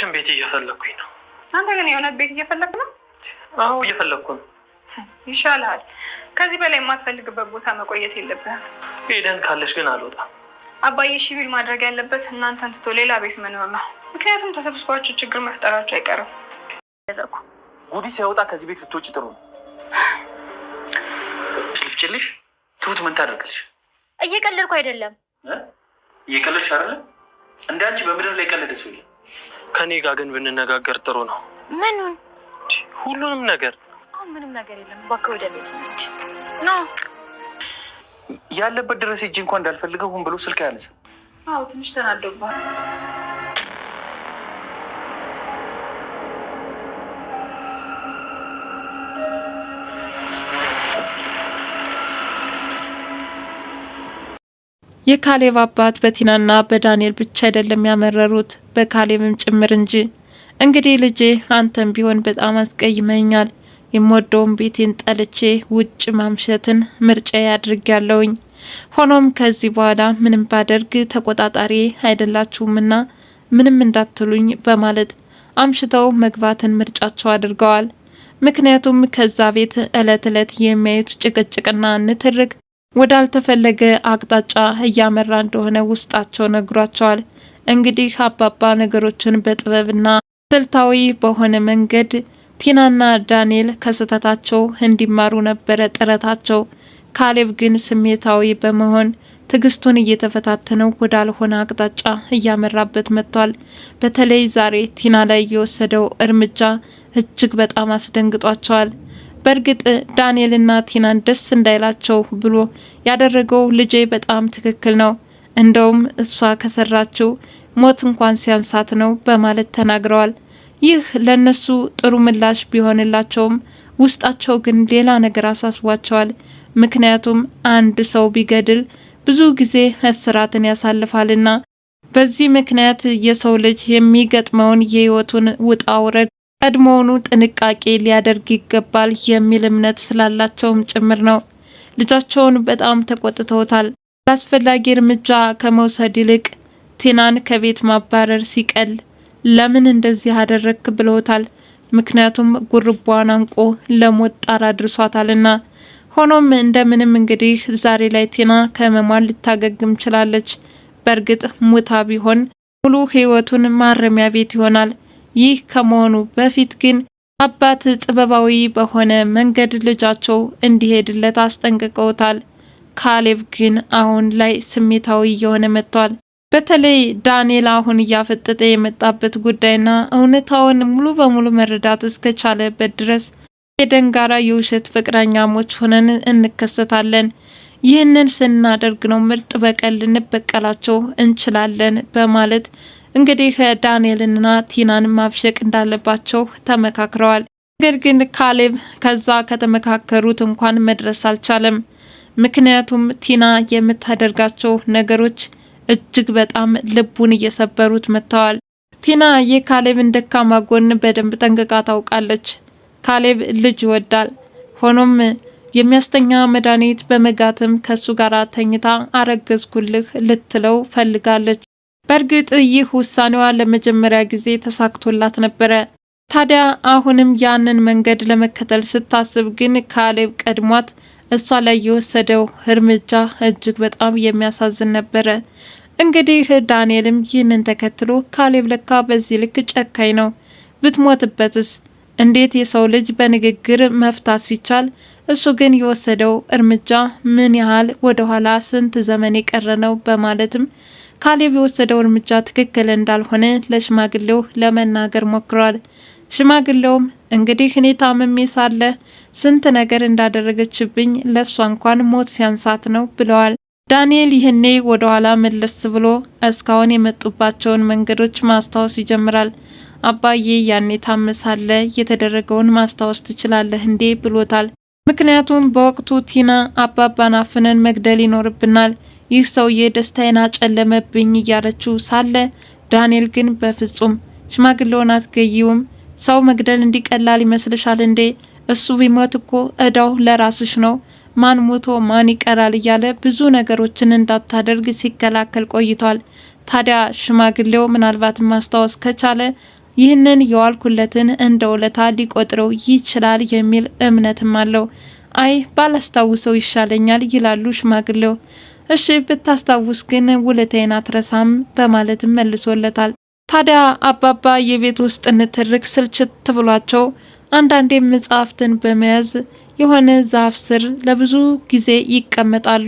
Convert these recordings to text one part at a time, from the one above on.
ሽን ቤት እየፈለግኩኝ ነው። አንተ ግን የሆነ ቤት እየፈለግ ነው? አዎ እየፈለግኩ ነው። ይሻልሃል። ከዚህ በላይ የማትፈልግበት ቦታ መቆየት የለብህም። ኤደን ካለች ግን አልወጣም። አባዬ እሺ ቢል ማድረግ ያለበት እናንተን ትቶ ሌላ ቤት መኖር ነው። ምክንያቱም ተሰብስባችሁ ችግር መፍጠራችሁ አይቀርም። ጉዲ ሲያወጣ ከዚህ ቤት ብትወጪ ጥሩ ነው። ልፍችልሽ። ትሁት ምን ታደርግልሽ? እየቀለድኩ አይደለም። እየቀለድሽ አይደለም። እንደ አንቺ በምድር ላይ ቀለደ ሰው ከኔ ጋር ግን ብንነጋገር ጥሩ ነው። ምኑን? ሁሉንም ነገር። ምንም ነገር የለም። እባክህ ወደ ቤት ነች ኖ ያለበት ድረስ እጅ እንኳን እንዳልፈልገው ሁን ብሎ ስልክ ያለዘ። አዎ ትንሽ ተናደባል። የካሌብ አባት በቲናና በዳንኤል ብቻ አይደለም ያመረሩት በካሌብም ጭምር እንጂ። እንግዲህ ልጄ አንተም ቢሆን በጣም አስቀይመኛል። የምወደውን ቤቴን ጠልቼ ውጭ ማምሸትን ምርጫ ያድርግ ያለውኝ። ሆኖም ከዚህ በኋላ ምንም ባደርግ ተቆጣጣሪ አይደላችሁምና ምንም እንዳትሉኝ በማለት አምሽተው መግባትን ምርጫቸው አድርገዋል። ምክንያቱም ከዛ ቤት እለት እለት የሚያዩት ጭቅጭቅና ንትርክ ወዳልተፈለገ አቅጣጫ እያመራ እንደሆነ ውስጣቸው ነግሯቸዋል። እንግዲህ አባባ ነገሮችን በጥበብና ስልታዊ በሆነ መንገድ ቲናና ዳንኤል ከስህተታቸው እንዲማሩ ነበረ ጥረታቸው። ካሌብ ግን ስሜታዊ በመሆን ትዕግስቱን እየተፈታተነው ወዳልሆነ አቅጣጫ እያመራበት መጥቷል። በተለይ ዛሬ ቲና ላይ የወሰደው እርምጃ እጅግ በጣም አስደንግጧቸዋል። በእርግጥ ዳንኤልና ቲናን ደስ እንዳይላቸው ብሎ ያደረገው ልጄ በጣም ትክክል ነው፣ እንደውም እሷ ከሰራችው ሞት እንኳን ሲያንሳት ነው በማለት ተናግረዋል። ይህ ለእነሱ ጥሩ ምላሽ ቢሆንላቸውም ውስጣቸው ግን ሌላ ነገር አሳስቧቸዋል። ምክንያቱም አንድ ሰው ቢገድል ብዙ ጊዜ እስራትን ያሳልፋልና በዚህ ምክንያት የሰው ልጅ የሚገጥመውን የህይወቱን ውጣ ውረድ ቀድሞውኑ ጥንቃቄ ሊያደርግ ይገባል የሚል እምነት ስላላቸውም ጭምር ነው። ልጃቸውን በጣም ተቆጥተውታል። ላስፈላጊ እርምጃ ከመውሰድ ይልቅ ቲናን ከቤት ማባረር ሲቀል ለምን እንደዚህ አደረግክ ብለውታል። ምክንያቱም ጉርቧን አንቆ ለሞት ጣር አድርሷታልና። ሆኖም እንደምንም እንግዲህ ዛሬ ላይ ቲና ከህመሟን ልታገግም ችላለች። በእርግጥ ሙታ ቢሆን ሙሉ ህይወቱን ማረሚያ ቤት ይሆናል። ይህ ከመሆኑ በፊት ግን አባት ጥበባዊ በሆነ መንገድ ልጃቸው እንዲሄድለት አስጠንቅቀውታል። ካሌብ ግን አሁን ላይ ስሜታዊ እየሆነ መጥቷል። በተለይ ዳንኤል አሁን እያፈጠጠ የመጣበት ጉዳይና እውነታውን ሙሉ በሙሉ መረዳት እስከቻለበት ድረስ የደንጋራ የውሸት ፍቅረኛሞች ሆነን እንከሰታለን። ይህንን ስናደርግ ነው ምርጥ በቀል ልንበቀላቸው እንችላለን በማለት እንግዲህ ዳንኤልንና ቲናን ማብሸቅ እንዳለባቸው ተመካክረዋል። ነገር ግን ካሌብ ከዛ ከተመካከሩት እንኳን መድረስ አልቻለም። ምክንያቱም ቲና የምታደርጋቸው ነገሮች እጅግ በጣም ልቡን እየሰበሩት መጥተዋል። ቲና የካሌብን ደካማ ጎን በደንብ ጠንቅቃ ታውቃለች። ካሌብ ልጅ ይወዳል። ሆኖም የሚያስተኛ መድኃኒት በመጋትም ከሱ ጋር ተኝታ አረገዝኩልህ ልትለው ፈልጋለች። በእርግጥ ይህ ውሳኔዋ ለመጀመሪያ ጊዜ ተሳክቶላት ነበረ። ታዲያ አሁንም ያንን መንገድ ለመከተል ስታስብ ግን ካሌብ ቀድሟት እሷ ላይ የወሰደው እርምጃ እጅግ በጣም የሚያሳዝን ነበረ። እንግዲህ ዳንኤልም ይህንን ተከትሎ ካሌብ ለካ በዚህ ልክ ጨካኝ ነው፣ ብትሞትበትስ? እንዴት የሰው ልጅ በንግግር መፍታት ሲቻል፣ እሱ ግን የወሰደው እርምጃ ምን ያህል ወደኋላ ስንት ዘመን የቀረ ነው በማለትም ካሌብ የወሰደው እርምጃ ትክክል እንዳልሆነ ለሽማግሌው ለመናገር ሞክሯል። ሽማግሌውም እንግዲህ እኔ ታምሜ ሳለ ስንት ነገር እንዳደረገችብኝ ለእሷ እንኳን ሞት ሲያንሳት ነው ብለዋል። ዳንኤል ይህኔ ወደ ኋላ መለስ ብሎ እስካሁን የመጡባቸውን መንገዶች ማስታወስ ይጀምራል። አባዬ ያኔ ታም የተደረገውን ማስታወስ ትችላለህ እንዴ ብሎታል። ምክንያቱም በወቅቱ ቲና አባባን አፍነን መግደል ይኖርብናል ይህ ሰውዬ ደስታዬን አጨለመብኝ እያለችው ሳለ ዳንኤል ግን በፍጹም ሽማግሌውን አትገይውም። ሰው መግደል እንዲቀላል ይመስልሻል እንዴ? እሱ ቢሞት እኮ እዳው ለራስሽ ነው። ማን ሞቶ ማን ይቀራል እያለ ብዙ ነገሮችን እንዳታደርግ ሲከላከል ቆይቷል። ታዲያ ሽማግሌው ምናልባት ማስታወስ ከቻለ ይህንን የዋልኩለትን እንደ ውለታ ሊቆጥረው ይችላል የሚል እምነትም አለው። አይ ባላስታውሰው ይሻለኛል ይላሉ ሽማግሌው። እሺ ብታስታውስ ግን ውለታዬን አትረሳም በማለት መልሶለታል። ታዲያ አባባ የቤት ውስጥ ንትርክ ስልችት ብሏቸው አንዳንዴ መጽሐፍትን በመያዝ የሆነ ዛፍ ስር ለብዙ ጊዜ ይቀመጣሉ።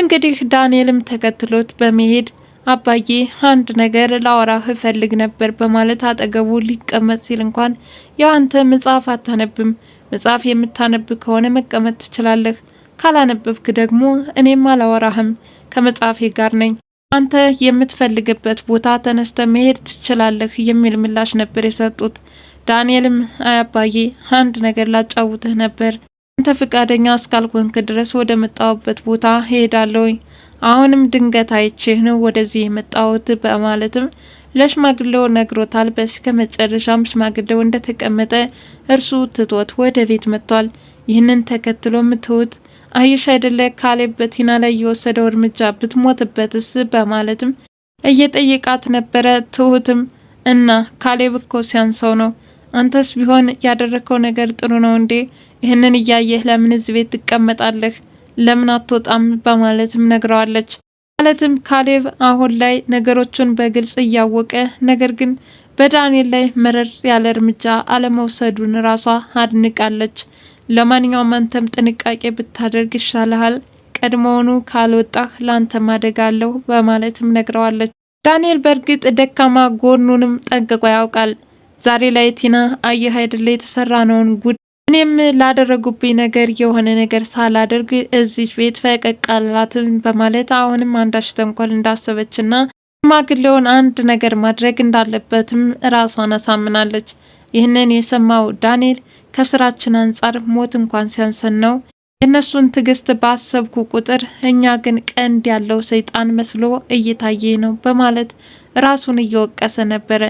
እንግዲህ ዳንኤልም ተከትሎት በመሄድ አባዬ አንድ ነገር ላወራህ እፈልግ ነበር በማለት አጠገቡ ሊቀመጥ ሲል እንኳን ያው አንተ መጽሐፍ አታነብም፣ መጽሐፍ የምታነብ ከሆነ መቀመጥ ትችላለህ ካላነበብክ ደግሞ እኔም አላወራህም ከመጽሐፌ ጋር ነኝ አንተ የምትፈልግበት ቦታ ተነስተ መሄድ ትችላለህ የሚል ምላሽ ነበር የሰጡት። ዳንኤልም አያባዬ አንድ ነገር ላጫውትህ ነበር፣ አንተ ፍቃደኛ እስካልሆንክ ድረስ ወደ መጣሁበት ቦታ ሄዳለሁኝ። አሁንም ድንገት አይቼህ ነው ወደዚህ የመጣሁት በማለትም ለሽማግሌው ነግሮታል። በስከ መጨረሻም ሽማግሌው እንደተቀመጠ እርሱ ትቶት ወደ ቤት መጥቷል። ይህንን ተከትሎም ትሁት አይሽ አይደለ ካሌብ በቲና ላይ የወሰደው እርምጃ ብትሞትበትስ በማለትም እየጠየቃት ነበረ። ትሁትም እና ካሌብ እኮ ሲያንሰው ነው፣ አንተስ ቢሆን ያደረከው ነገር ጥሩ ነው እንዴ? ይህንን እያየህ ለምን እዚህ ቤት ትቀመጣለህ? ለምን አትወጣም? በማለትም ነግረዋለች። ማለትም ካሌብ አሁን ላይ ነገሮችን በግልጽ እያወቀ ነገር ግን በዳንኤል ላይ መረር ያለ እርምጃ አለመውሰዱን ራሷ አድንቃለች። ለማንኛውም አንተም ጥንቃቄ ብታደርግ ይሻልሃል፣ ቀድሞውኑ ካልወጣህ ለአንተም ማደጋለሁ በማለትም ነግረዋለች። ዳንኤል በእርግጥ ደካማ ጎኑንም ጠንቅቆ ያውቃል። ዛሬ ላይ ቲና አየህ አይደለ የተሰራ ነውን ጉድ እኔም ላደረጉብኝ ነገር የሆነ ነገር ሳላደርግ እዚች ቤት ፈቀቅ በማለት አሁንም አንዳች ተንኮል እንዳሰበችና ሽማግሌውን አንድ ነገር ማድረግ እንዳለበትም ራሷን አሳምናለች። ይህንን የሰማው ዳንኤል ከስራችን አንጻር ሞት እንኳን ሲያንሰን ነው። የእነሱን ትዕግስት ባሰብኩ ቁጥር እኛ ግን ቀንድ ያለው ሰይጣን መስሎ እየታየ ነው በማለት ራሱን እየወቀሰ ነበረ።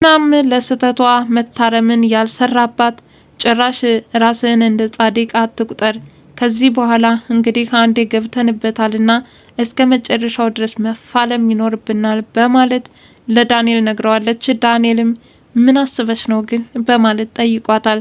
እናም ለስህተቷ መታረምን ያልሰራባት ጭራሽ ራስህን እንደ ጻድቅ አትቁጠር፣ ከዚህ በኋላ እንግዲህ አንዴ ገብተንበታልና እስከ መጨረሻው ድረስ መፋለም ይኖርብናል በማለት ለዳንኤል ነግረዋለች። ዳንኤልም ምን አስበሽ ነው ግን በማለት ጠይቋታል።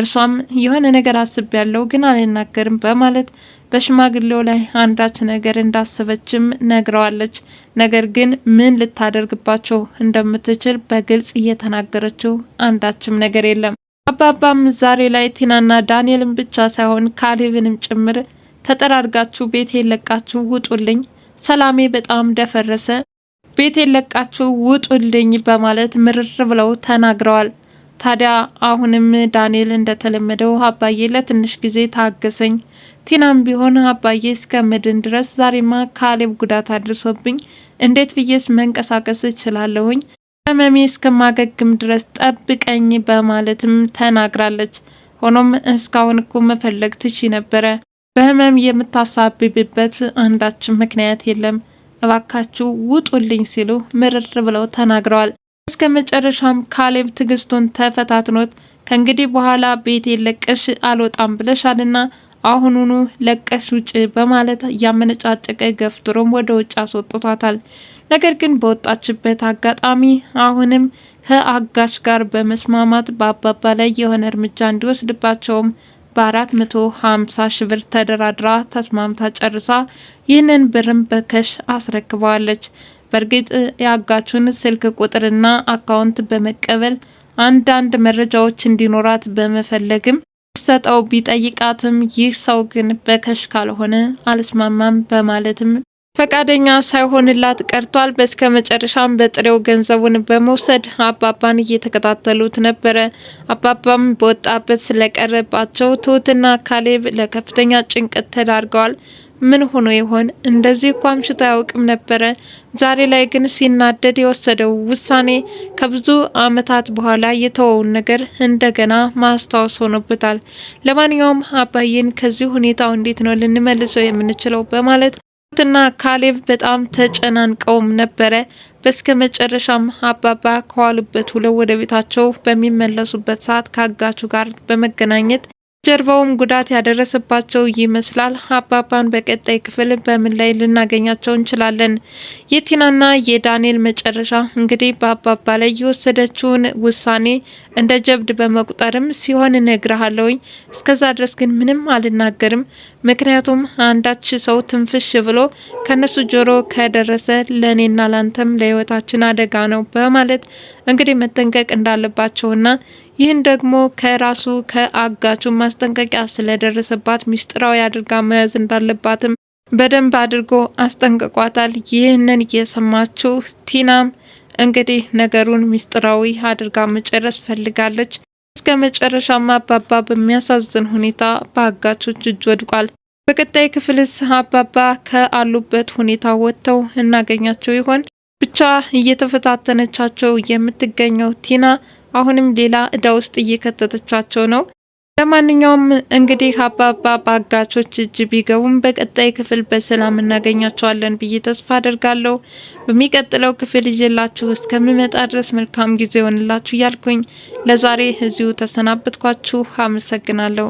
እርሷም የሆነ ነገር አስብ ያለው ግን አልናገርም በማለት በሽማግሌው ላይ አንዳች ነገር እንዳሰበችም ነግረዋለች። ነገር ግን ምን ልታደርግባቸው እንደምትችል በግልጽ እየተናገረችው አንዳችም ነገር የለም። አባባም ዛሬ ላይ ቲናና ዳንኤልን ብቻ ሳይሆን ካሌብንም ጭምር ተጠራርጋችሁ ቤቴ ለቃችሁ ውጡልኝ፣ ሰላሜ በጣም ደፈረሰ፣ ቤቴ ለቃችሁ ውጡልኝ በማለት ምርር ብለው ተናግረዋል። ታዲያ አሁንም ዳንኤል እንደተለመደው አባዬ ለትንሽ ጊዜ ታገሰኝ፣ ቲናም ቢሆን አባዬ እስከ ምድን ድረስ ዛሬማ ካሌብ ጉዳት አድርሶብኝ እንዴት ብዬስ መንቀሳቀስ እችላለሁኝ? ህመሜ እስከማገግም ድረስ ጠብቀኝ በማለትም ተናግራለች። ሆኖም እስካሁን እኮ መፈለግ ትቺ ነበረ በህመም የምታሳብብበት አንዳች ምክንያት የለም፣ እባካችሁ ውጡልኝ ሲሉ ምርር ብለው ተናግረዋል። እስከ መጨረሻም ካሌብ ትግስቱን ተፈታትኖት ከእንግዲህ በኋላ ቤቴ ለቀሽ አልወጣም ብለሻልና አሁኑኑ ለቀሽ ውጭ በማለት እያመነጫጨቀ ገፍትሮም ወደ ውጭ አስወጥቷታል። ነገር ግን በወጣችበት አጋጣሚ አሁንም ከአጋሽ ጋር በመስማማት በአባባ ላይ የሆነ እርምጃ እንዲወስድባቸውም በአራት መቶ ሀምሳ ሺህ ብር ተደራድራ ተስማምታ ጨርሳ ይህንን ብርም በከሽ አስረክበዋለች። በእርግጥ የአጋቹን ስልክ ቁጥርና አካውንት በመቀበል አንዳንድ መረጃዎች እንዲኖራት በመፈለግም ሰጠው ቢጠይቃትም ይህ ሰው ግን በከሽ ካልሆነ አልስማማም በማለትም ፈቃደኛ ሳይሆንላት ቀርቷል። በስከ መጨረሻም በጥሬው ገንዘቡን በመውሰድ አባባን እየተከታተሉት ነበረ። አባባም በወጣበት ስለቀረባቸው ትሁትና ካሌብ ለከፍተኛ ጭንቀት ተዳርገዋል። ምን ሆኖ ይሆን? እንደዚህ እኮ አምሽቶ አያውቅም ነበረ። ዛሬ ላይ ግን ሲናደድ የወሰደው ውሳኔ ከብዙ ዓመታት በኋላ የተወውን ነገር እንደገና ማስታወስ ሆኖበታል። ለማንኛውም አባዬን ከዚህ ሁኔታው እንዴት ነው ልንመልሰው የምንችለው? በማለት ትና ካሌብ በጣም ተጨናንቀውም ነበረ። በስከ መጨረሻም አባባ ከዋሉበት ውለው ወደ ቤታቸው በሚመለሱበት ሰዓት ካጋቹ ጋር በመገናኘት ጀርባውም ጉዳት ያደረሰባቸው ይመስላል። አባባን በቀጣይ ክፍል በምን ላይ ልናገኛቸው እንችላለን? የቲናና የዳንኤል መጨረሻ እንግዲህ በአባባ ላይ የወሰደችውን ውሳኔ እንደ ጀብድ በመቁጠርም ሲሆን እነግርሃለሁኝ፣ እስከዛ ድረስ ግን ምንም አልናገርም። ምክንያቱም አንዳች ሰው ትንፍሽ ብሎ ከነሱ ጆሮ ከደረሰ ለእኔና ላንተም ለህይወታችን አደጋ ነው በማለት እንግዲህ መጠንቀቅ እንዳለባቸውና ይህን ደግሞ ከራሱ ከአጋቹ ማስጠንቀቂያ ስለደረሰባት ሚስጥራዊ አድርጋ መያዝ እንዳለባትም በደንብ አድርጎ አስጠንቅቋታል። ይህንን የሰማችው ቲናም እንግዲህ ነገሩን ሚስጥራዊ አድርጋ መጨረስ ፈልጋለች። እስከ መጨረሻም አባባ በሚያሳዝን ሁኔታ በአጋቾች እጅ ወድቋል። በቀጣይ ክፍልስ አባባ ከአሉበት ሁኔታ ወጥተው እናገኛቸው ይሆን? ብቻ እየተፈታተነቻቸው የምትገኘው ቲና አሁንም ሌላ እዳ ውስጥ እየከተተቻቸው ነው። ለማንኛውም እንግዲህ አባባ በአጋቾች እጅ ቢገቡም በቀጣይ ክፍል በሰላም እናገኛቸዋለን ብዬ ተስፋ አደርጋለሁ። በሚቀጥለው ክፍል ይዤላችሁ እስከምመጣ ድረስ መልካም ጊዜ ሆንላችሁ እያልኩኝ ለዛሬ እዚሁ ተሰናብትኳችሁ። አመሰግናለሁ።